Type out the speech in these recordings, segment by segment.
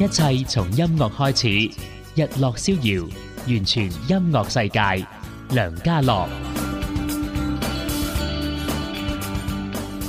一切從音樂開始，日落逍遙，完全音樂世界，梁嘉樂。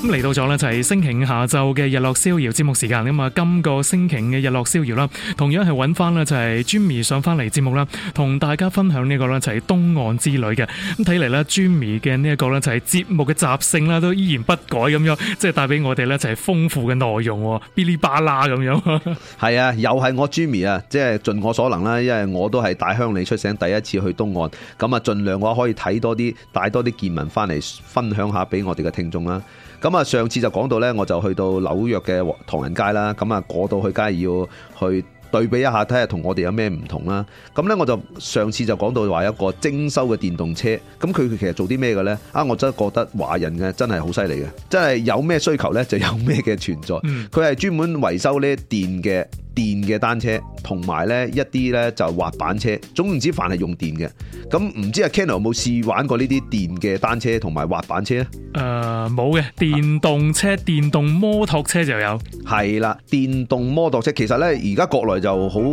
咁嚟到咗呢就係星期五下晝嘅日落逍遙節目時間咁啊。今、這個星期嘅日落逍遙啦，同樣係揾翻呢就係 Jimmy 上翻嚟節目啦，同大家分享呢個呢就係東岸之旅嘅咁。睇嚟，Jimmy 嘅呢一個就係節目嘅習性啦，都依然不改咁樣，即係帶俾我哋呢就係豐富嘅內容，噼哩吧啦咁樣。係啊，又係我 m 咪啊，即係盡我所能啦，因為我都係大鄉里出聲，第一次去東岸咁啊，儘量我可以睇多啲，帶多啲見聞翻嚟分享下俾我哋嘅聽眾啦。咁啊，上次就講到呢，我就去到紐約嘅唐人街啦。咁啊，過到去梗係要去。對比一下，睇下同我哋有咩唔同啦。咁呢，我就上次就講到話一個精修嘅電動車，咁佢其實做啲咩嘅呢？啊，我真覺得華人嘅真係好犀利嘅，真係有咩需求呢？就有咩嘅存在。佢、嗯、係專門維修呢電嘅電嘅單車，同埋呢一啲呢就滑板車。總之凡係用電嘅，咁唔知阿 Ken 有冇試玩過呢啲電嘅單車同埋滑板車呢？誒、呃，冇嘅，電動車、啊、電動摩托車就有。係啦，電動摩托車其實呢，而家國內。就好流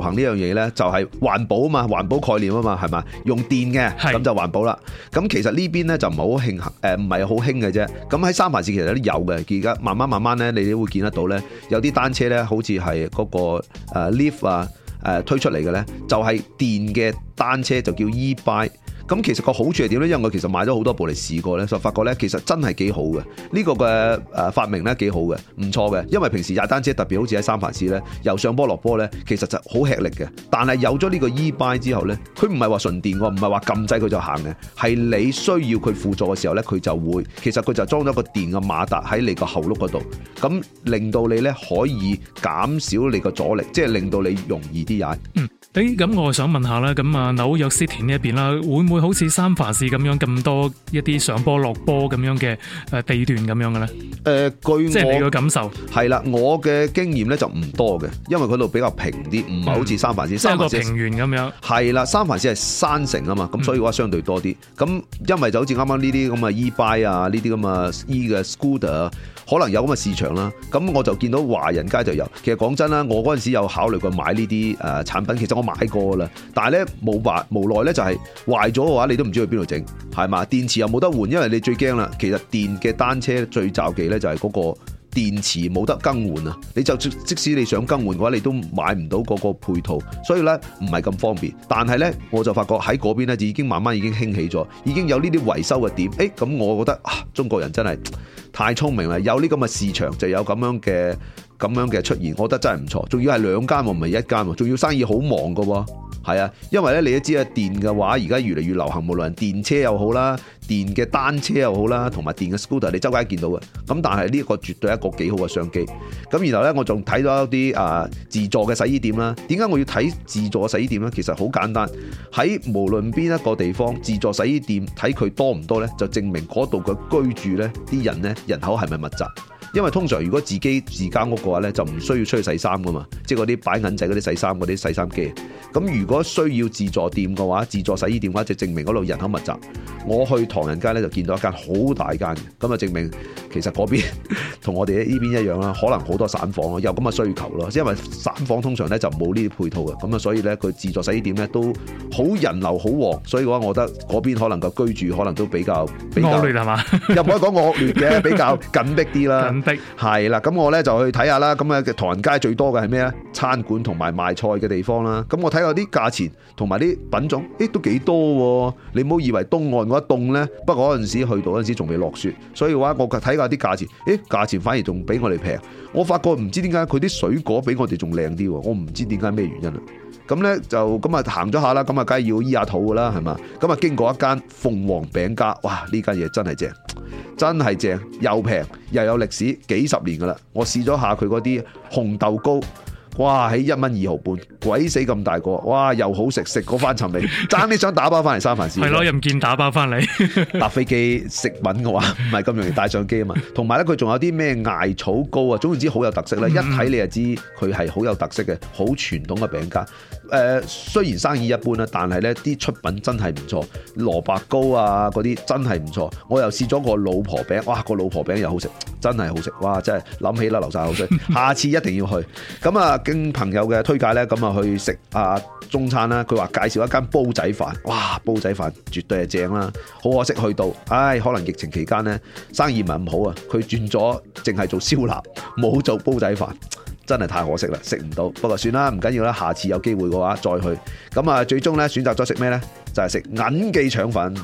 行呢樣嘢呢，就係環保啊嘛，環保概念啊嘛，係咪？用電嘅咁就環保啦。咁其實呢邊呢，就唔係好興，唔係好興嘅啫。咁喺三藩市其實都有嘅，而家慢慢慢慢呢，你都會見得到呢，有啲單車呢，好似係嗰個 Lyft 啊推出嚟嘅呢，就係、是、電嘅單車，就叫 e-bike。咁其實個好處係點呢？因為我其實買咗好多部嚟試過呢，就發覺呢其實真係幾好嘅。呢個嘅誒發明呢幾好嘅，唔錯嘅。因為平時踩單車特別好似喺三藩市呢，由上坡落坡呢，其實就好吃力嘅。但係有咗呢個 E Bike 之後呢，佢唔係話純電喎，唔係話撳掣佢就行嘅，係你需要佢輔助嘅時候呢，佢就會其實佢就裝咗個電嘅馬達喺你個後轆嗰度，咁令到你呢可以減少你個阻力，即係令到你容易啲踩。嗯誒，咁我想問下啦，咁啊紐約 City 呢一邊啦，會唔會好似三藩市咁樣咁多一啲上坡落坡咁樣嘅誒地段咁樣嘅咧？誒、呃，據我即係你嘅感受係啦，我嘅經驗咧就唔多嘅，因為佢度比較平啲，唔係好似三藩市三、嗯、個平原咁樣係啦。三藩市係山城啊嘛，咁所以話相對多啲。咁、嗯、因為就好似啱啱呢啲咁嘅 e bike 啊呢啲咁嘅 e 嘅 scooter，、啊、可能有咁嘅市場啦。咁我就見到華人街就有。其實講真啦，我嗰陣時候有考慮過買呢啲誒產品，其實我。買過啦，但係咧冇壞，無奈咧就係壞咗嘅話，你都唔知去邊度整，係嘛？電池又冇得換，因為你最驚啦。其實電嘅單車最罩忌咧就係嗰個電池冇得更換啊！你就即使你想更換嘅話，你都買唔到嗰個配套，所以咧唔係咁方便。但係咧，我就發覺喺嗰邊咧已經慢慢已經興起咗，已經有呢啲維修嘅點。誒、欸，咁我覺得啊，中國人真係太聰明啦！有呢咁嘅市場，就有咁樣嘅。咁樣嘅出現，我覺得真係唔錯。仲要係兩間，唔係一間，仲要生意好忙㗎喎，係啊。因為咧，你都知啊，電嘅話而家越嚟越流行，無論電車又好啦，電嘅單車又好啦，同埋電嘅 scooter，你周街見到嘅。咁但係呢個個絕對係一個幾好嘅商機。咁然後呢，我仲睇到一啲啊、呃、自助嘅洗衣店啦。點解我要睇自助洗衣店呢？其實好簡單，喺無論邊一個地方，自助洗衣店睇佢多唔多呢，就證明嗰度嘅居住呢啲人呢人口係咪密集。因為通常如果自己自家屋嘅話呢就唔需要出去洗衫㗎嘛，即係嗰啲擺銀仔嗰啲洗衫嗰啲洗衫機。咁如果需要自助店嘅話，自助洗衣店嘅話就證明嗰度人口密集。我去唐人街呢，就見到一間好大間嘅，咁啊證明其實嗰邊同我哋呢邊一樣啦，可能好多散房啊，有咁嘅需求咯。因為散房通常呢就冇呢啲配套嘅，咁啊所以呢，佢自助洗衣店呢都好人流好旺，所以嘅話我覺得嗰邊可能個居住可能都比較比較惡劣係嘛？又唔可以講惡劣嘅，比較緊迫啲啦。係啦，咁我咧，就去睇下啦。咁啊，唐人街最多嘅係咩咧？餐館同埋賣菜嘅地方啦。咁我睇下啲價錢同埋啲品種，誒，都幾多。你唔好以為東岸嗰一棟咧，不過嗰陣時去到嗰陣時仲未落雪，所以嘅話我睇下啲價錢，誒，價錢反而仲比我哋平。我發覺唔知點解佢啲水果比我哋仲靚啲喎，我唔知點解咩原因啊！咁呢，就咁啊行咗下啦，咁啊梗係要醫下肚噶啦，係嘛？咁啊經過一間鳳凰餅家，哇！呢間嘢真係正，真係正，又平又有歷史幾十年噶啦，我試咗下佢嗰啲紅豆糕。哇！喺一蚊二毫半，鬼死咁大個，哇！又好食，食過翻尋味，爭啲想打包翻嚟三飯先。係 咯，又唔見打包翻嚟搭飛機， 食品嘅話唔係咁容易帶上機啊嘛。同埋咧，佢仲有啲咩艾草糕啊，總之之好有特色啦。一睇你就知佢係好有特色嘅，好傳統嘅餅家。誒、呃，雖然生意一般啦，但係咧啲出品真係唔錯，蘿蔔糕啊嗰啲真係唔錯。我又試咗個老婆餅，哇個老婆餅又好食，真係好食。哇！真係諗起啦，流晒口水， 下次一定要去。咁啊！經朋友嘅推介咧，咁啊去食啊中餐啦。佢話介紹一間煲仔飯，哇，煲仔飯絕對係正啦。好可惜去到，唉，可能疫情期間呢，生意唔係咁好啊。佢轉咗，淨係做燒臘，冇做煲仔飯，真係太可惜啦，食唔到。不過算啦，唔緊要啦，下次有機會嘅話再去。咁啊，最終呢，選擇咗食咩呢？就係食銀記腸粉。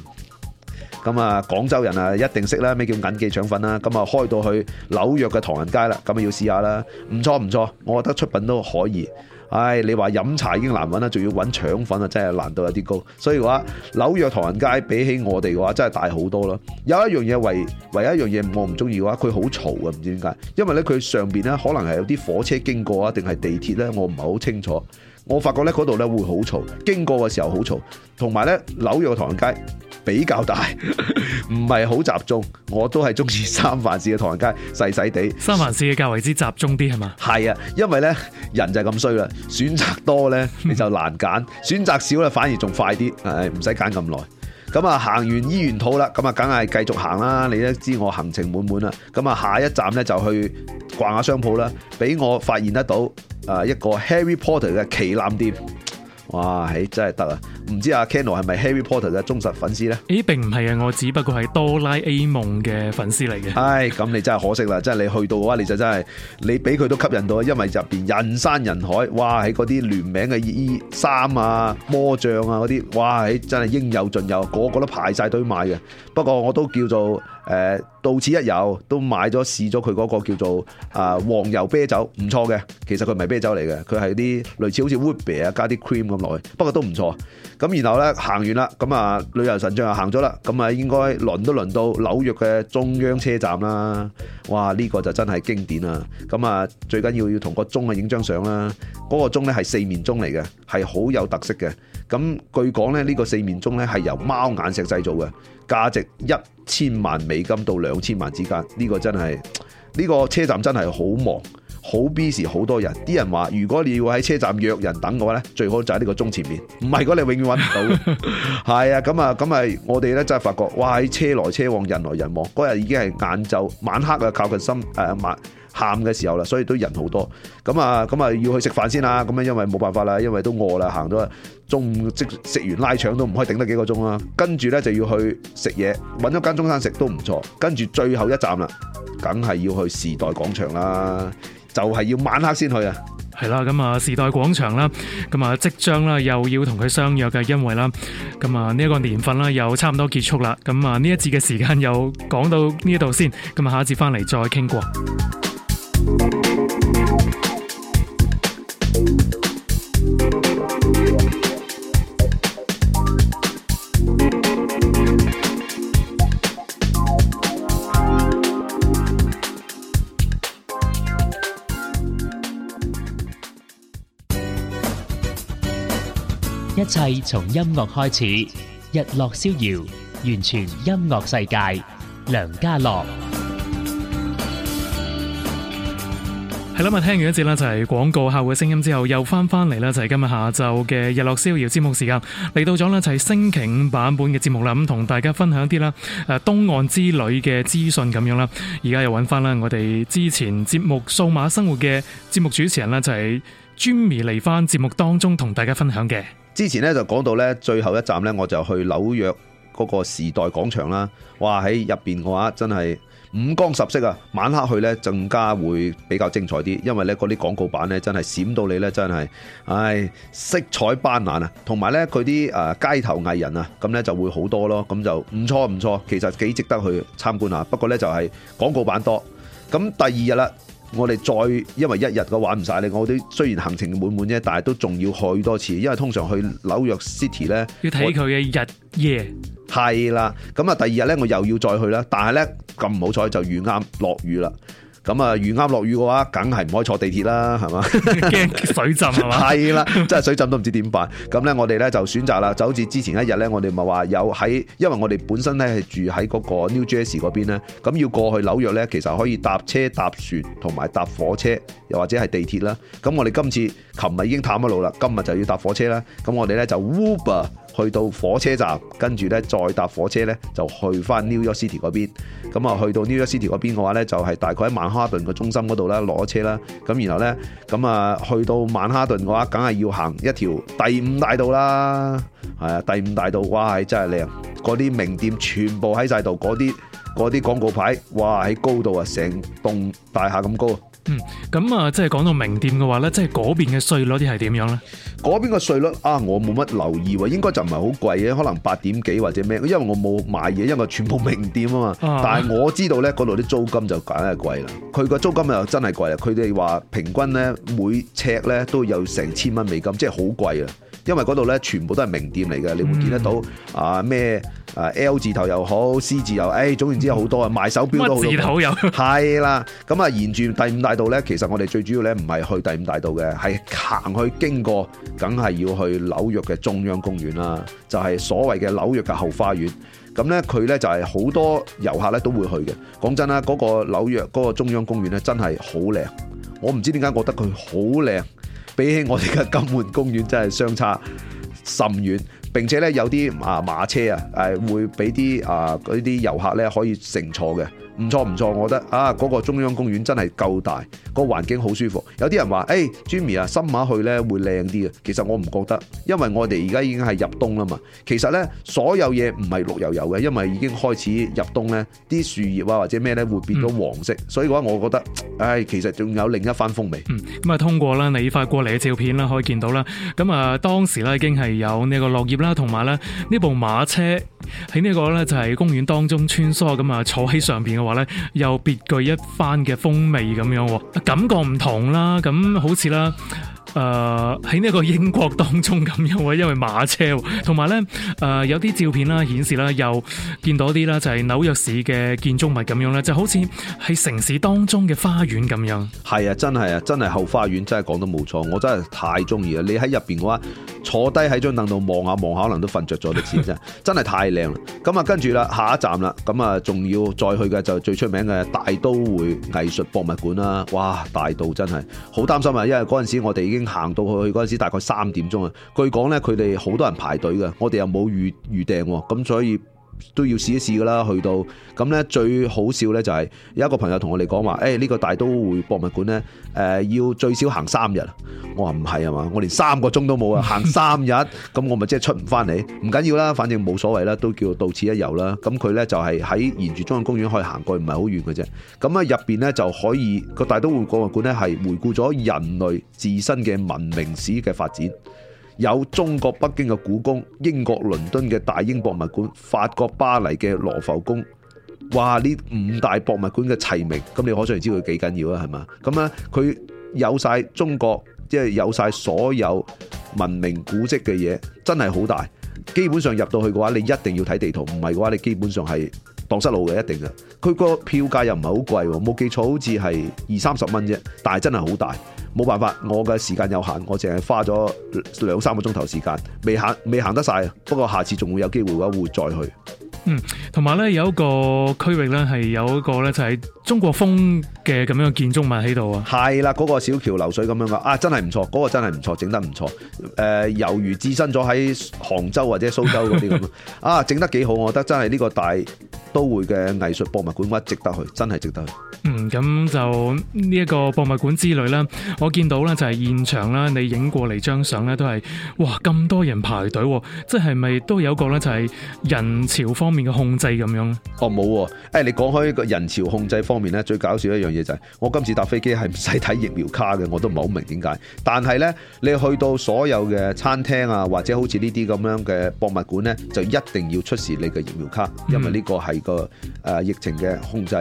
咁啊，廣州人啊，一定識啦，咩叫銀記腸粉啦？咁啊，開到去紐約嘅唐人街啦，咁啊要試下啦，唔錯唔錯，我覺得出品都可以。唉，你話飲茶已經難揾啦，仲要揾腸粉啊，真係難度有啲高。所以話紐約唐人街比起我哋嘅話，真係大好多囉。有一樣嘢唯唯一一樣嘢我唔中意嘅話，佢好嘈啊，唔知點解，因為呢，佢上面呢，可能係有啲火車經過啊，定係地鐵呢，我唔係好清楚。我發覺咧嗰度咧會好嘈，經過嘅時候好嘈，同埋咧紐約嘅唐人街比較大，唔係好集中，我都係中意三藩市嘅唐人街細細地。三藩市嘅較為之集中啲係嘛？係啊，因為咧人就係咁衰啦，選擇多咧你就難揀， 選擇少呢，反而仲快啲，誒唔使揀咁耐。咁啊，行完醫院套啦，咁啊，梗係繼續行啦。你都知我行程滿滿啦。咁啊，下一站咧就去逛下商鋪啦，俾我發現得到啊一個 Harry Potter 嘅旗艦店。哇，欸、真係得啊！唔知阿 Keno 係咪 Harry Potter 嘅忠實粉絲呢？誒、欸，並唔係啊，我只不過係哆啦 A 夢嘅粉絲嚟嘅。唉、哎，咁你真係可惜啦！真係你去到嘅話，你就真係你俾佢都吸引到啊，因為入邊人山人海。哇，喺嗰啲聯名嘅衣衫啊、魔杖啊嗰啲，哇，欸、真係應有盡有，個個都排晒隊買嘅。不過我都叫做。誒，到此一遊都買咗試咗佢嗰個叫做啊黃油啤酒，唔錯嘅。其實佢唔係啤酒嚟嘅，佢係啲類似好似 whipper 啊加啲 cream 咁來，不過都唔錯。咁然後咧行完啦，咁、嗯、啊自由神像就行咗啦，咁、嗯、啊應該輪都輪到紐約嘅中央車站啦。哇！呢、這個就真係經典啊！咁、嗯、啊最緊要要同個鐘啊影張相啦。嗰、那個鐘咧係四面鐘嚟嘅，係好有特色嘅。咁、嗯、據講咧呢、這個四面鐘咧係由貓眼石製造嘅。價值一千萬美金到兩千萬之間，呢個真係呢個車站真係好忙，好 busy，好多人。啲人話，如果你要喺車站約人等嘅話咧，最好就喺呢個鐘前面，唔係嘅，你永遠揾唔到。係 啊，咁啊，咁啊，我哋呢真係發覺，哇！車來車往，人來人往，嗰日已經係晏晝晚黑啊，靠近深誒晚。呃喊嘅時候啦，所以都人好多。咁啊，咁啊要去食飯先啦。咁啊因為冇辦法啦，因為都餓啦，行咗啊，中午即食完拉腸都唔可以頂得幾個鐘啦。跟住咧就要去食嘢，搵咗間中山食都唔錯。跟住最後一站啦，梗係要去時代廣場啦，就係要晚黑先去啊。係啦，咁啊時代廣場啦，咁啊即將啦又要同佢相約嘅，因為啦，咁啊呢一個年份啦又差唔多結束啦。咁啊呢一次嘅時間又講到呢一度先，咁啊下一次翻嚟再傾過。一切從音樂開始，日落逍遙，完全音樂世界。梁嘉樂係啦，咁啊，聽完一節啦，就係廣告客戶嘅聲音之後，又翻翻嚟啦，就係今日下晝嘅日落逍遙節目時間嚟到咗啦，就是，就係星期五版本嘅節目啦。咁同大家分享啲啦，誒，東岸之旅嘅資訊咁樣啦。而家又揾翻啦，我哋之前節目數碼生活嘅節目主持人啦，就係 Jimmy 嚟翻節目當中同大家分享嘅。之前咧，就講到咧，最後一站咧，我就去紐約嗰個時代廣場啦，哇喺入邊嘅話真係五光十色啊，晚黑去咧，更加會比較精彩啲，因為咧，嗰啲廣告板咧真係閃到你咧真係，唉、哎、色彩斑斕啊，同埋咧佢啲誒街頭藝人啊，咁咧，就會好多咯，咁就唔錯唔錯，其實幾值得去參觀下，不過咧就係廣告板多，咁第二日啦。我哋再，因為一日都玩唔晒你，我哋雖然行程滿滿啫，但係都仲要去多次，因為通常去紐約 City 呢，要睇佢嘅日夜。係啦，咁啊，第二日呢，我又要再去啦，但係呢，咁唔好彩就遇啱落雨啦。咁啊，遇啱落雨嘅話，梗係唔可以坐地鐵啦，係嘛？ 驚水浸係咪？係啦， 真係水浸都唔知點辦。咁呢，我哋呢就選擇啦，就好似之前一日呢，我哋咪話有喺，因為我哋本身呢係住喺嗰個 New Jersey 嗰邊呢。咁要過去紐約呢，其實可以搭車、搭船同埋搭火車，又或者係地鐵啦。咁我哋今次。琴日已經探咗路啦，今日就要搭火車啦。咁我哋咧就 Uber 去到火車站，跟住咧再搭火車咧就去翻 New York City 嗰邊。咁啊，去到 New York City 嗰邊嘅話咧，就係大概喺曼哈頓嘅中心嗰度啦，攞車啦。咁然後咧，咁啊去到曼哈頓嘅話，梗係要行一條第五大道啦。係啊，第五大道，哇，真係靚！嗰啲名店全部喺晒度，嗰啲嗰啲廣告牌，哇，喺高度啊，成棟大廈咁高。嗯，咁啊，即係講到名店嘅話咧，即係嗰邊嘅稅率啲係點樣咧？嗰邊嘅稅率啊，我冇乜留意喎，應該就唔係好貴嘅，可能八點幾或者咩，因為我冇買嘢，因為全部名店啊嘛。啊但係我知道咧，嗰度啲租金就梗係貴啦。佢個租金又真係貴啦，佢哋話平均咧每尺咧都有成千蚊美金，即係好貴啊。因為嗰度咧全部都係名店嚟嘅，你會見得到、嗯、啊咩？L 字頭又好，C 字又好，誒、哎，總然之有好多啊，賣手錶都好多，係啦。咁啊，沿住第五大道咧，其實我哋最主要咧唔係去第五大道嘅，係行去經過，梗係要去紐約嘅中央公園啦。就係、是、所謂嘅紐約嘅後花園。咁咧，佢咧就係好多遊客咧都會去嘅。講真啦，嗰、那個紐約嗰、那個中央公園咧真係好靚。我唔知點解覺得佢好靚，比起我哋嘅金門公園真係相差甚遠。並且咧有啲啊馬車啊，誒會俾啲啊嗰啲遊客咧可以乘坐嘅。唔錯唔錯，我覺得啊，嗰、那個中央公園真係夠大，那個環境好舒服。有啲人話誒、哎，Jimmy 啊，深下去呢會靚啲嘅。其實我唔覺得，因為我哋而家已經係入冬啦嘛。其實呢，所有嘢唔係綠油油嘅，因為已經開始入冬呢啲樹葉啊或者咩呢會變咗黃色。嗯、所以嘅話，我覺得，唉、哎，其實仲有另一番風味。咁、嗯、啊，通過啦你發過嚟嘅照片啦，可以見到啦。咁啊，當時呢已經係有呢個落葉啦，同埋呢呢部馬車喺呢、這個呢就係、是、公園當中穿梭。咁啊，坐喺上邊嘅又別具一番嘅風味咁樣，感覺唔同啦。咁好似啦。誒、呃，喺呢個英國當中咁樣啊，因為馬車，同埋咧誒，有啲照片啦，啊、顯示啦、啊，又見到啲啦，就係紐約市嘅建築物咁樣啦，就好似喺城市當中嘅花園咁樣。係啊，真係啊，真係後花園，真係講得冇錯，我真係太中意啦。你喺入邊嘅話，坐低喺張凳度望下望下，看看可能都瞓着咗，你知唔知啊？ 真係太靚啦！咁啊，跟住啦，下一站啦，咁啊，仲要再去嘅就係最出名嘅大都會藝術博物館啦！哇，大到真係好擔心啊，因為嗰陣時我哋。已經行到去嗰陣時，大概三點鐘啊！據講咧，佢哋好多人排隊㗎，我哋又冇預預訂，咁所以。都要試一試噶啦，去到咁呢最好笑呢，就係有一個朋友同我哋講話，誒、哎、呢、呢個大都會博物館呢，誒、呃、要最少行三日。我話唔係啊嘛，我連三個鐘都冇啊，行三日咁 我咪即係出唔翻嚟。唔緊要啦，反正冇所謂啦，都叫到此一遊啦。咁佢呢，就係、是、喺沿住中央公園可以行過去，唔係好遠嘅啫。咁啊入邊呢，就可以、個大都會博物館呢，係回顧咗人類自身嘅文明史嘅發展。有中國北京嘅故宮、英國倫敦嘅大英博物館、法國巴黎嘅羅浮宮，哇！呢五大博物館嘅齊名，咁你可想而知佢幾緊要啊？係嘛？咁咧，佢有晒中國，即係有晒所有文明古蹟嘅嘢，真係好大。基本上入到去嘅話，你一定要睇地圖，唔係嘅話，你基本上係，蕩失路嘅，一定嘅。佢個票價又唔係好貴，冇記錯好似係二三十蚊啫。但係真係好大，冇辦法，我嘅時間有限，我淨係花咗兩三個鐘頭時間，未行未行得晒。不過下次仲會有機會嘅話，會再去。嗯，同埋咧有一個區域咧係有一個咧就係中國風嘅咁樣嘅建築物喺度啊，係啦，嗰個小橋流水咁樣噶，啊，真係唔錯，嗰、嗰個真係唔錯，整得唔錯，誒、呃，猶如置身咗喺杭州或者蘇州嗰啲咁啊，整得幾好，我覺得真係呢個大都會嘅藝術博物館，值得去，真係值得去。嗯，咁就呢一個博物館之旅咧，我見到咧就係現場啦，你影過嚟張相咧都係，哇，咁多人排隊，啊，即係咪都有個咧就係人潮方。方面嘅控制咁樣哦，冇誒、啊，你講開個人潮控制方面咧，最搞笑嘅一樣嘢就係、係，我今次搭飛機係唔使睇疫苗卡嘅，我都唔係好明點解。但係咧，你去到所有嘅餐廳啊，或者好似呢啲咁樣嘅博物館咧，就一定要出示你嘅疫苗卡，因為呢個係個誒、嗯啊、疫情嘅控制。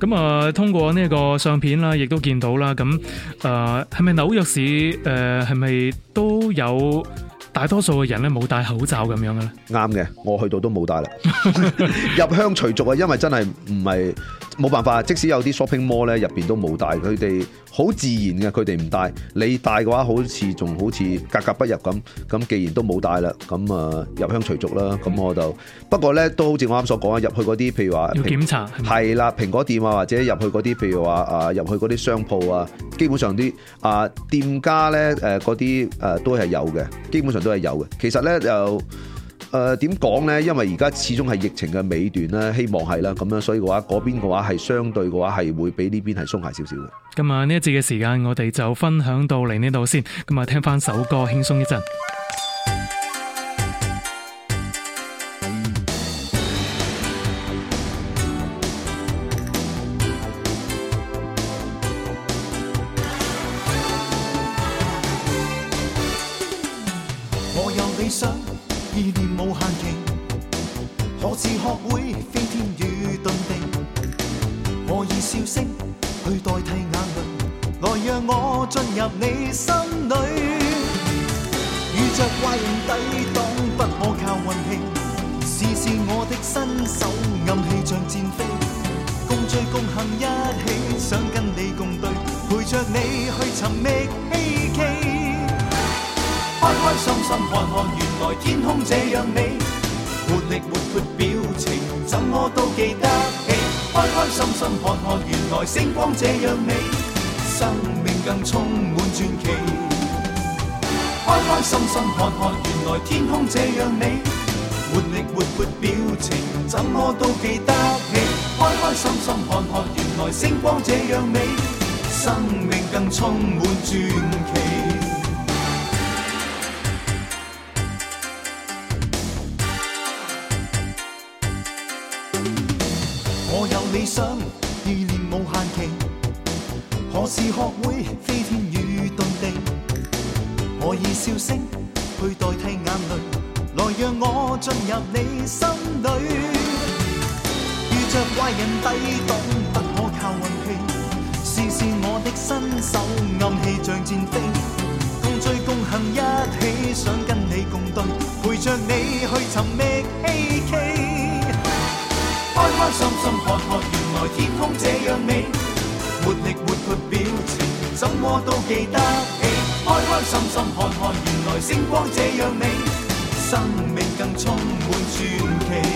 咁啊，通過呢個相片啦，亦都見到啦，咁誒，係咪紐約市誒，係、啊、咪都有？大多數嘅人咧，冇戴口罩咁樣嘅咧，啱嘅，我去到都冇戴啦。 入鄉隨俗啊，因為真係唔係冇辦法，即使有啲 shopping mall 咧，入面都冇戴，佢哋。好自然嘅，佢哋唔帶，你帶嘅話好似仲好似格格不入咁。咁既然都冇帶啦，咁啊入鄉隨俗啦。咁我就不過呢，都好似我啱所講啊，入去嗰啲譬如話要檢查係啦，蘋果店啊，或者入去嗰啲譬如話啊，入去嗰啲商鋪啊，基本上啲啊店家呢，嗰啲、啊、都係有嘅，基本上都係有嘅。其實呢，就、呃。誒、呃，點講呢？因為而家始終係疫情嘅尾段啦，希望係啦，咁樣所以嘅話，嗰邊嘅話係相對嘅話係會比呢邊係鬆懈少少嘅。今日呢一節嘅時間，我哋就分享到嚟呢度先。今日聽翻首歌，輕鬆一陣。美，活力活潑表情，怎麼都記得你。開開心心看看，原來星光這樣美，生命更充滿傳奇。我有理想，意念無限期。何時學會飛天與遁地？我以笑聲去代替眼淚。讓我進入你心裏。遇着壞人抵擋，不可靠運氣。施展我的身手，暗器像箭飛。共聚共行，一起，想跟你共對，陪着你去尋覓希冀。開開心心看看，原來天空這樣美。活力活潑表情，怎麼都記得起。開開心心看看，原來星光這樣美。生命更充滿傳奇。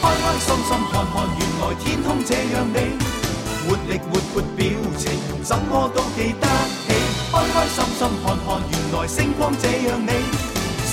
開開心心看看，原來天空這樣美。活力活活表情，怎麼都記得起。開開心心看看，原來星光這樣美。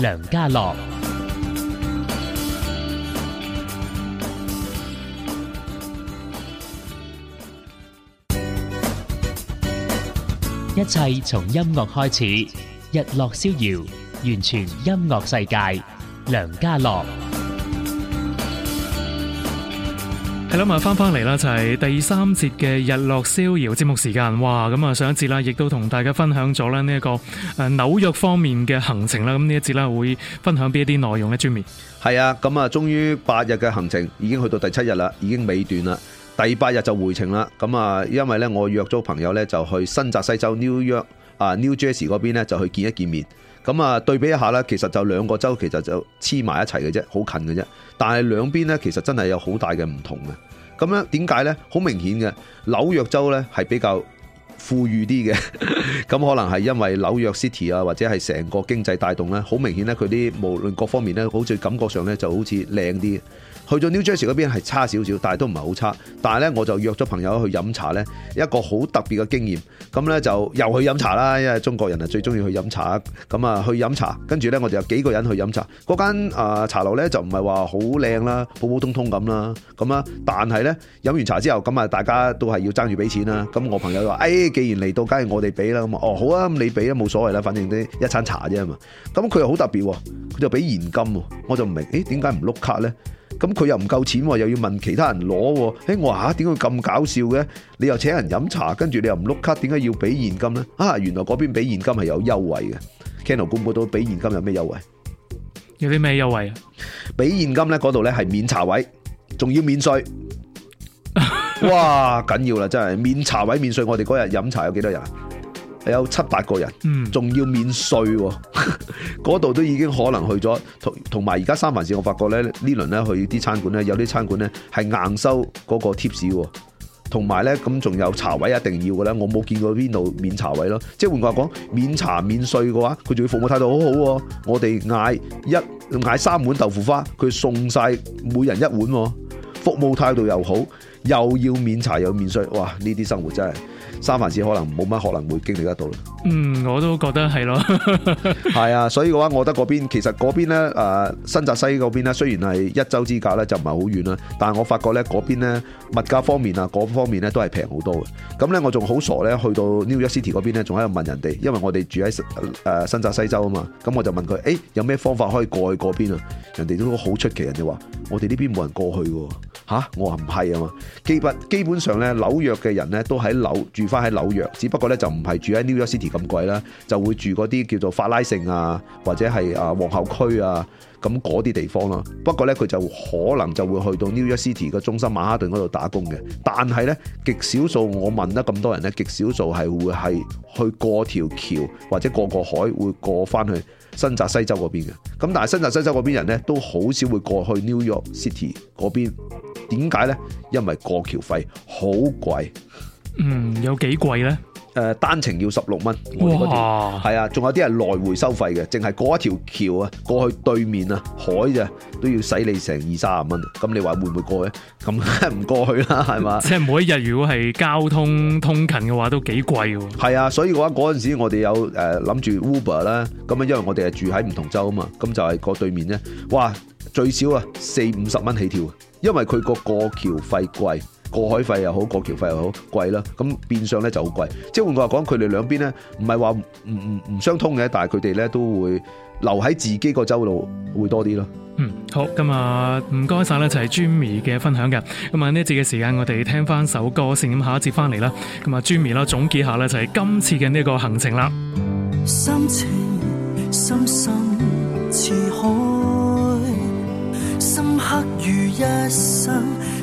梁嘉樂，一切從音樂開始。日落逍遙，完全音樂世界。梁嘉樂。係啦，咁啊翻翻嚟啦，就係第三節嘅日落逍遙節目時間。哇，咁啊上一節啦，亦都同大家分享咗呢一個誒紐約方面嘅行程啦。咁呢一節咧會分享邊一啲內容咧？專門係啊，咁啊，終於八日嘅行程已經去到第七日啦，已經尾段啦，第八日就回程啦。咁啊，因為呢，我約咗朋友呢，就去新澤西州 New York 啊 New Jersey 嗰邊呢，就去見一見面。咁啊，對比一下咧，其實就兩個州其實就黐埋一齊嘅啫，好近嘅啫。但係兩邊咧，其實真係有好大嘅唔同嘅。咁樣點解咧？好明顯嘅紐約州咧係比較富裕啲嘅，咁 可能係因為紐約 City 啊，或者係成個經濟帶動咧，好明顯咧佢啲無論各方面咧，好似感覺上咧就好似靚啲。去咗 New Jersey 嗰邊係差少少，但係都唔係好差。但係咧，我就約咗朋友去飲茶咧，一個好特別嘅經驗。咁、嗯、咧就又去飲茶啦，因為中國人啊最中意去飲茶。咁、嗯、啊去飲茶，跟住咧我哋有幾個人去飲茶嗰間啊、呃、茶樓咧就唔係話好靚啦，普普通通咁啦。咁、嗯、啊，但係咧飲完茶之後咁啊、嗯，大家都係要爭住俾錢啦。咁、嗯、我朋友就話、哎，既然嚟到，梗係我哋俾啦。咁、嗯、啊，哦好啊，你俾啦，冇所謂啦，反正啲一餐茶啫嘛。咁、嗯、佢、嗯、又好特別，佢就俾現金，我就唔明，誒點解唔碌卡咧？咁佢又唔夠錢喎，又要問其他人攞喎。哎，我話啊，點會咁搞笑嘅？你又請人飲茶，跟住你又唔碌卡，點解要俾現金呢？啊，原來嗰邊俾現金係有優惠嘅。Canal 官網都俾現金有咩優惠？有啲咩優惠啊？俾現金呢嗰度呢係免茶位，仲要免稅。 哇，緊要啦，真係免茶位免稅。我哋嗰日飲茶有幾多人？有七八個人，仲要免稅，嗰 度都已經可能去咗。同同埋而家三藩市，我發覺咧呢輪咧去啲餐館咧，有啲餐館咧係硬收嗰個 tips，同埋咧咁仲有茶位一定要嘅咧，我冇見過邊度免茶位咯。即係換句講，免茶免稅嘅話，佢仲要服務態度好好喎。我哋嗌一嗌三碗豆腐花，佢送晒每人一碗喎，服務態度又好，又要免茶又免稅，哇！呢啲生活真係～三藩市可能冇乜可能會經歷得到咯。嗯，我都覺得係咯。係 啊，所以嘅話，我覺得嗰邊其實嗰邊咧，誒、呃，新澤西嗰邊咧，雖然係一州之隔咧，就唔係好遠啦。但係我發覺咧，嗰邊咧物價方面啊，嗰方面咧都係平好多嘅。咁咧，我仲好傻咧，去到 New York City 嗰邊咧，仲喺度問人哋，因為我哋住喺誒、呃、新澤西州啊嘛。咁我就問佢：，誒、欸，有咩方法可以過去嗰邊啊？人哋都好出奇，人哋話我哋呢邊冇人過去嘅。嚇、啊，我話唔係啊嘛，基本基本上咧，紐約嘅人咧都喺紐住翻喺紐約，只不過咧就唔係住喺 New York City 咁貴啦，就會住嗰啲叫做法拉盛啊，或者係啊皇后區啊，咁嗰啲地方啦、啊、不過咧佢就可能就會去到 New York City 嘅中心曼哈頓嗰度打工嘅，但係咧極少數我問得咁多人咧，極少數係會係去過條橋或者過個海會過翻去。新澤西州嗰邊嘅，咁但係新澤西州嗰邊人咧都好少會過去 New York City 嗰邊，點解咧？因為過橋費好貴。嗯，有幾貴咧？誒，單程要十六蚊，我哋嗰啲係啊，仲有啲係來回收費嘅，淨係過一條橋啊，過去對面啊海咋都要使你成二三十蚊，咁你話會唔會過去？咁唔過去啦，係嘛？即係每一日如果係交通通勤嘅話，都幾貴喎。係啊，所以我嗰陣時我哋有誒諗住 Uber 啦，咁啊因為我哋係住喺唔同州啊嘛，咁就係過對面啫，哇最少啊四五十蚊起跳，因為佢個過橋費貴。過海費又好，過橋費又好，貴啦。咁變相咧就好貴。即係換句話講，佢哋兩邊咧唔係話唔唔唔相通嘅，但係佢哋咧都會留喺自己個周度會多啲咯。嗯，好，咁啊，唔該晒咧，就係、是、Jimmy 嘅分享嘅。咁啊呢節嘅時間我哋聽翻首歌先，咁下一節翻嚟啦。咁啊 Jimmy 啦總結下咧就係今次嘅呢個行程啦。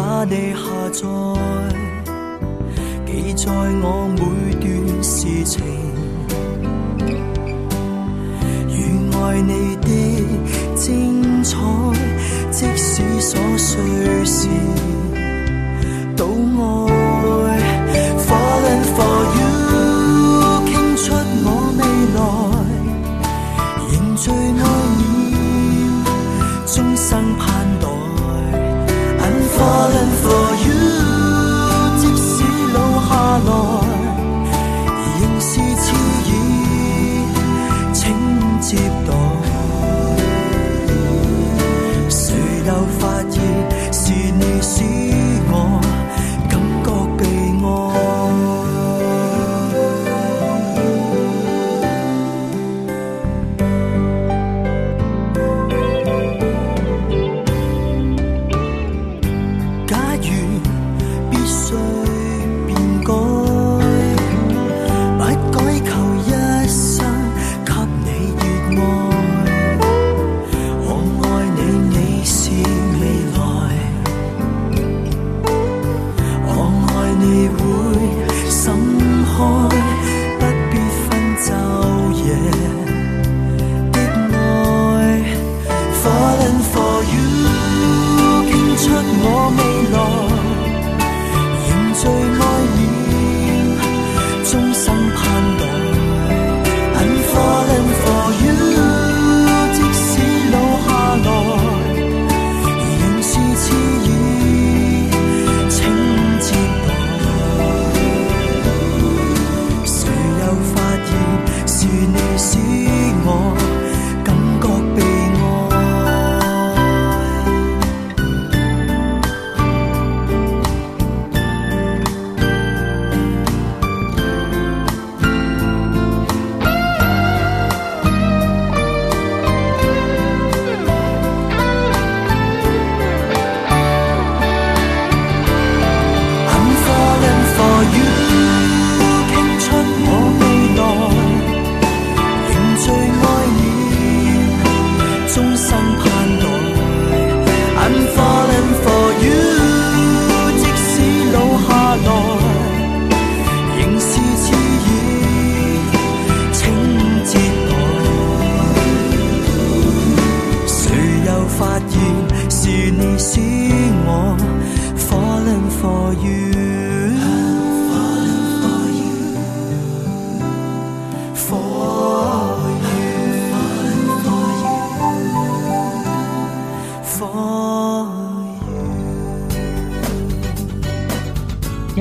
把你下載，記載我每段事情，願愛你的精彩，即使瑣碎事。是你。是。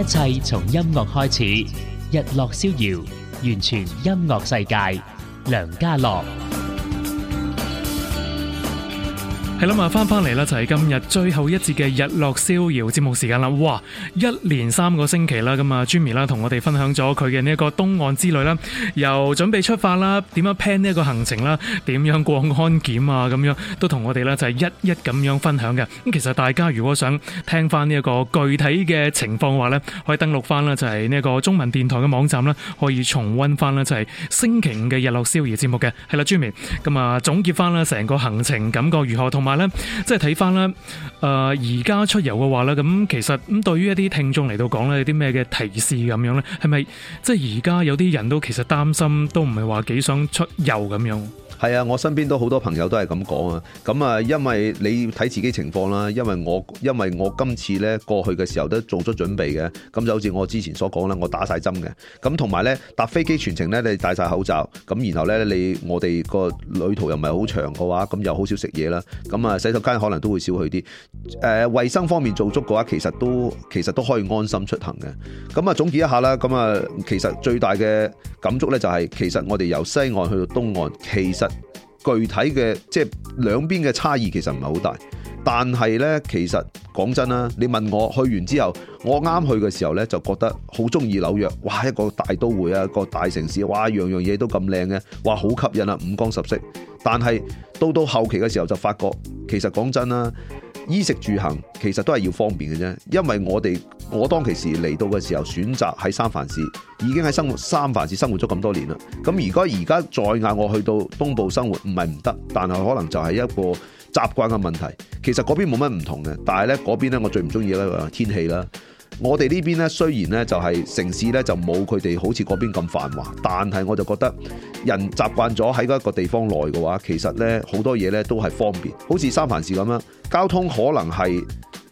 一切從音樂開始，日落逍遙，完全音樂世界，梁嘉樂。係啦，咁返翻翻嚟啦，就係今日最後一節嘅日落逍遙節目時間啦。哇，一連三個星期啦，咁啊，Jimmy 啦同我哋分享咗佢嘅呢一個東岸之旅啦，由準備出發啦，點樣 plan 呢一個行程啦，點樣過安檢啊，咁樣都同我哋啦就係一一咁樣分享嘅。咁其實大家如果想聽翻呢一個具體嘅情況嘅話呢，可以登錄翻啦，就係呢一個中文電台嘅網站啦，可以重溫翻啦，就係星期五嘅日落逍遙節目嘅。係啦，Jimmy 咁啊總結翻啦成個行程，感覺如何同？話咧，即係睇翻啦，誒、呃，而家出遊嘅話咧，咁其實咁對於一啲聽眾嚟到講咧，有啲咩嘅提示咁樣咧？係咪即係而家有啲人都其實擔心，都唔係話幾想出遊咁樣？係啊，我身邊都好多朋友都係咁講啊。咁啊，因為你要睇自己情況啦。因為我因為我今次呢過去嘅時候都做咗準備嘅。咁就好似我之前所講啦，我打晒針嘅。咁同埋呢，搭飛機全程呢，你戴晒口罩。咁然後呢，你我哋個旅途又唔係好長嘅話，咁又好少食嘢啦。咁啊洗手間可能都會少去啲。誒、呃，衛生方面做足嘅話，其實都其實都可以安心出行嘅。咁啊總結一下啦。咁啊其實最大嘅感觸呢、就是，就係其實我哋由西岸去到東岸，其實具體嘅即係兩邊嘅差異其實唔係好大，但係呢，其實講真啦，你問我去完之後，我啱去嘅時候呢，就覺得好中意紐約，哇一個大都會啊個大城市，哇樣樣嘢都咁靚嘅，哇好吸引啊，五光十色。但係到到後期嘅時候就發覺，其實講真啦，衣食住行其實都係要方便嘅啫。因為我哋我當其時嚟到嘅時候，選擇喺三藩市，已經喺生活三藩市生活咗咁多年啦。咁如果而家再嗌我去到東部生活，唔係唔得，但係可能就係一個習慣嘅問題。其實嗰邊冇乜唔同嘅，但係呢嗰邊呢，邊我最唔中意咧，天氣啦。我哋呢邊呢雖然呢就係城市呢就冇佢哋好似嗰邊咁繁華，但係我就覺得人習慣咗喺嗰一個地方內嘅話，其實呢好多嘢呢都係方便，好似三藩市咁樣，交通可能係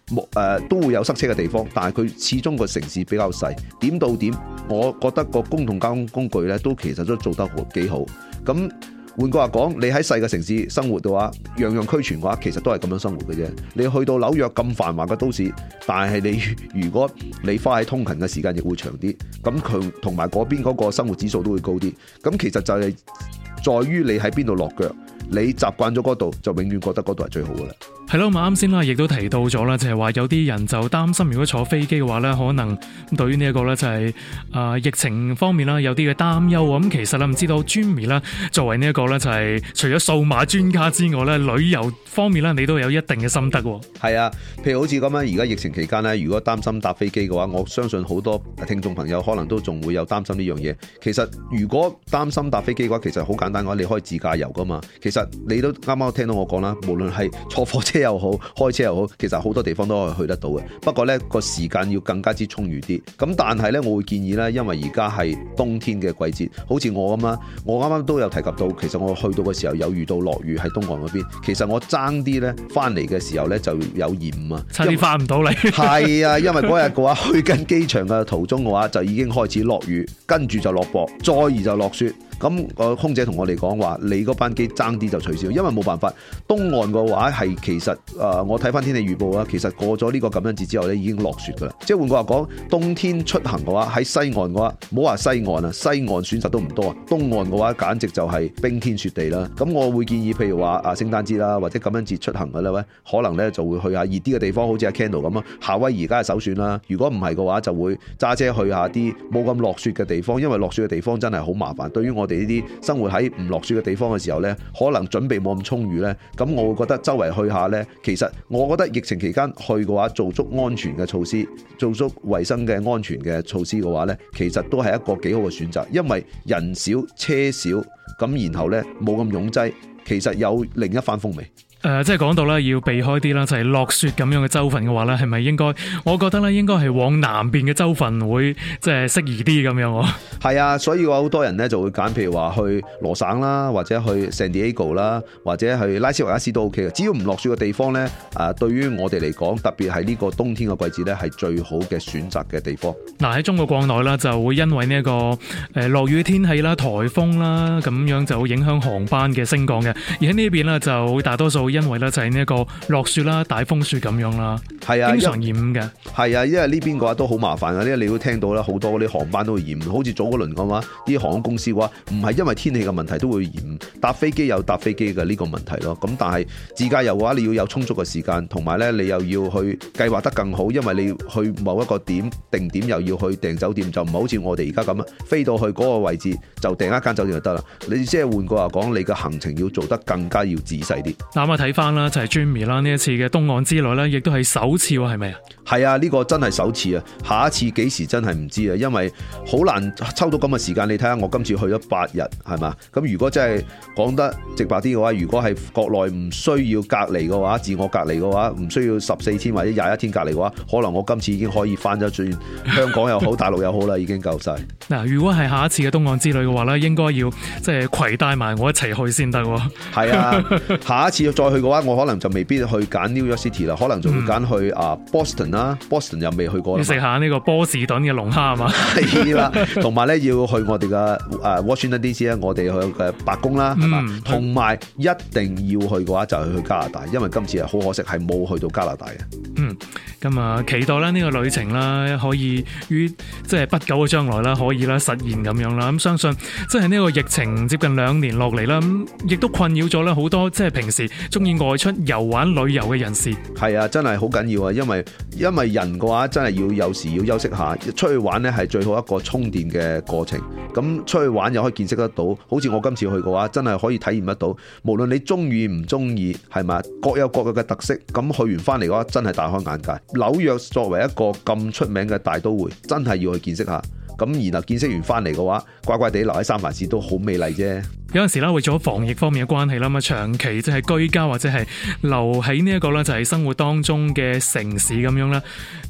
誒、呃、都會有塞車嘅地方，但係佢始終個城市比較細，點到點，我覺得個公共交通工具呢都其實都做得好幾好咁。換句話講，你喺細嘅城市生活嘅話，樣樣俱全嘅話，其實都係咁樣生活嘅啫。你去到紐約咁繁華嘅都市，但係你如果你花喺通勤嘅時間亦會長啲，咁佢同埋嗰邊嗰個生活指數都會高啲。咁其實就係在於你喺邊度落腳，你習慣咗嗰度，就永遠覺得嗰度係最好嘅啦。係咯，我啱先啦，亦都提到咗啦，就係話有啲人就擔心，如果坐飛機嘅話咧，可能對於呢一個咧就係啊疫情方面啦，有啲嘅擔憂。咁其實你唔知道 Jimmy 啦，作為呢一個咧就係除咗數碼專家之外咧，旅遊方面咧，你都有一定嘅心得。係啊，譬如好似咁樣，而家疫情期間咧，如果擔心搭飛機嘅話，我相信好多聽眾朋友可能都仲會有擔心呢樣嘢。其實如果擔心搭飛機嘅話，其實好簡單嘅話，你可以自駕遊噶嘛。其實你都啱啱聽到我講啦，無論係坐火車。車又好，開車又好，其實好多地方都可以去得到嘅。不過呢個時間要更加之充裕啲。咁但係呢，我會建議呢，因為而家係冬天嘅季節，好似我咁啊。我啱啱都有提及到，其實我去到嘅時候有遇到落雨喺東岸嗰邊。其實我爭啲呢翻嚟嘅時候呢就有延誤啊，翻唔到嚟。係 啊，因為嗰日嘅話去緊機場嘅途中嘅話就已經開始落雨，跟住就落雹，再而就落雪。咁，空姐同我哋講話，你個班機爭啲就取消，因為冇辦法。東岸嘅話係其實、呃、我睇翻天氣預報啊，其實過咗呢個感恩節之後呢已經落雪㗎啦。即係換句話講，冬天出行嘅話喺西岸嘅話，唔好話西岸啊，西岸選擇都唔多啊。東岸嘅話，簡直就係冰天雪地啦。咁我會建議，譬如話啊聖誕節啦，或者感恩節出行嘅咧，可能呢就會去下熱啲嘅地方，好似阿 Candle 咁啊。夏威夷而家係首選啦。如果唔係嘅話，就會揸車去下啲冇咁落雪嘅地方，因為落雪嘅地方真係好麻煩。對於我。我哋呢啲生活喺唔落雪嘅地方嘅時候呢，可能準備冇咁充裕呢。咁我會覺得周圍去下呢，其實我覺得疫情期間去嘅話，做足安全嘅措施，做足衛生嘅安全嘅措施嘅話呢，其實都係一個幾好嘅選擇，因為人少車少，咁然後呢，冇咁擁擠，其實有另一番風味。誒、呃，即係講到咧，要避開啲啦，就係、是、落雪咁樣嘅州份嘅話咧，係咪應該？我覺得咧，應該係往南邊嘅州份會即係、就是、適宜啲咁樣。係啊，所以好多人咧就會揀，譬如話去羅省啦，或者去 San Diego 啦，或者去拉斯維加斯都 OK 嘅。只要唔落雪嘅地方咧，誒、呃，對於我哋嚟講，特別係呢個冬天嘅季節咧，係最好嘅選擇嘅地方。嗱、呃、喺中國國內咧，就會因為呢、這、一個誒落、呃、雨天氣啦、颱風啦咁樣，就會影響航班嘅升降嘅。而喺呢邊呢，就大多數。因為咧就係呢一個落雪啦、大風雪咁樣啦，係啊，非常延誤嘅。係啊，因為呢邊嘅話都好麻煩啊。因為你會聽到咧好多嗰啲航班都會延誤，好似早嗰輪嘅話，啲航空公司嘅話唔係因為天氣嘅問題都會延誤，搭飛機又搭飛機嘅呢個問題咯。咁但係自駕遊嘅話，你要有充足嘅時間，同埋咧你又要去計劃得更好，因為你要去某一個點定點，又要去訂酒店，就唔係好似我哋而家咁啊，飛到去嗰個位置就訂一間酒店就得啦。你即係換句話講，你嘅行程要做得更加要仔細啲。睇翻啦，就係 JIMMY 啦，呢一次嘅東岸之旅咧，亦都係首次喎，係咪啊？係啊，呢個真係首次啊！下一次幾時真係唔知啊，因為好難抽到咁嘅時間。你睇下，我今次去咗八日，係嘛？咁如果真係講得直白啲嘅話，如果係國內唔需要隔離嘅話，自我隔離嘅話，唔需要十四天或者廿一天隔離嘅話，可能我今次已經可以翻咗轉香港又好， 大陸又好啦，已經夠晒。嗱，如果係下一次嘅東岸之旅嘅話咧，應該要即係攜帶埋我一齊去先得。係啊，下一次要再。再去嘅話，我可能就未必去揀 New York City 啦，可能仲揀去 Boston、嗯、啊 Boston 啦，Boston 又未去過啦。食下呢個波士頓嘅龍蝦啊嘛，係啦。同埋咧，要去我哋嘅誒、呃、Washington DC，我哋去嘅白宮啦，係同埋一定要去嘅話，就係去加拿大，因為今次啊，好可惜係冇去到加拿大嘅。嗯，咁、嗯、啊、嗯嗯，期待啦，呢個旅程啦，可以於即係、就是、不久嘅將來啦，可以啦實現咁樣啦。咁、嗯、相信即係呢個疫情接近兩年落嚟啦，咁、嗯、亦都困擾咗咧好多，即、就、係、是、平時。中意外出遊玩旅遊嘅人士，係啊，真係好緊要啊！因為因為人嘅話真係要有時要休息下，出去玩呢，係最好一個充電嘅過程。咁出去玩又可以見識得到，好似我今次去嘅話，真係可以體驗得到。無論你中意唔中意，係咪各有各嘅嘅特色。咁去完翻嚟嘅話，真係大開眼界。紐約作為一個咁出名嘅大都會，真係要去見識下。咁然後見識完翻嚟嘅話，乖乖地留喺三藩市都好美麗啫。有陣時咧，為咗防疫方面嘅關係啦，嘛長期即係居家或者係留喺呢一個咧，就係生活當中嘅城市咁樣啦。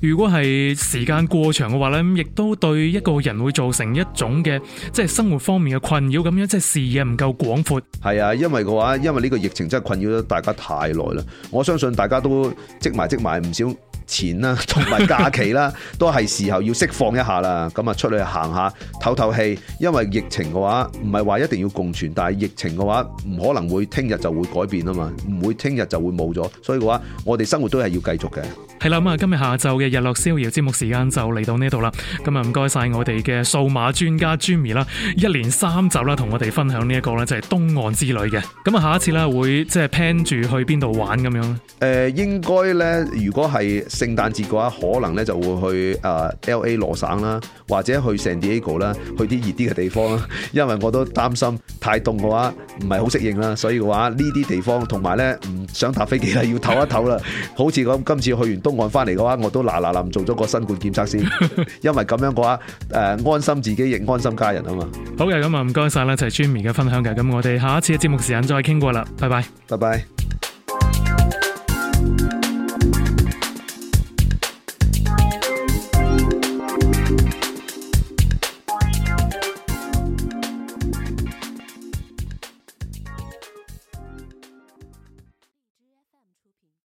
如果係時間過長嘅話咧，亦都對一個人會造成一種嘅即係生活方面嘅困擾，咁樣即係視野唔夠廣闊。係啊，因為嘅話，因為呢個疫情真係困擾咗大家太耐啦。我相信大家都積埋積埋唔少錢啦，同埋假期啦，都係時候要釋放一下啦。咁啊，出去行下透透氣，因為疫情嘅話，唔係話一定要共存，但係疫情嘅話，唔可能會聽日就會改變啊嘛，唔會聽日就會冇咗，所以嘅話，我哋生活都係要繼續嘅。係啦，咁啊今日下晝嘅日落逍遙節目時間就嚟到呢度啦。咁啊唔該晒我哋嘅數碼專家 Jimmy 啦，一連三集啦，同我哋分享呢一個咧就係東岸之旅嘅。咁啊下一次咧會即係 plan 住去邊度玩咁樣咧？誒，應該咧如果係聖誕節嘅話，可能咧就會去誒、呃、LA 羅省啦，或者去聖迭戈啦，去啲熱啲嘅地方啦。因為我都擔心太凍嘅話唔係好適應啦，所以嘅話呢啲地方同埋咧唔想搭飛機啦，要唞一唞啦。好似咁 今次去完東。我翻嚟嘅話，我都嗱嗱臨做咗個新冠檢測先，因為咁樣嘅話，誒、 呃，安心自己亦安心家人啊嘛。好嘅，咁啊，唔該晒啦，就係 Jimmy 嘅分享嘅。咁我哋下一次嘅節目時間再傾過啦。拜拜，拜拜。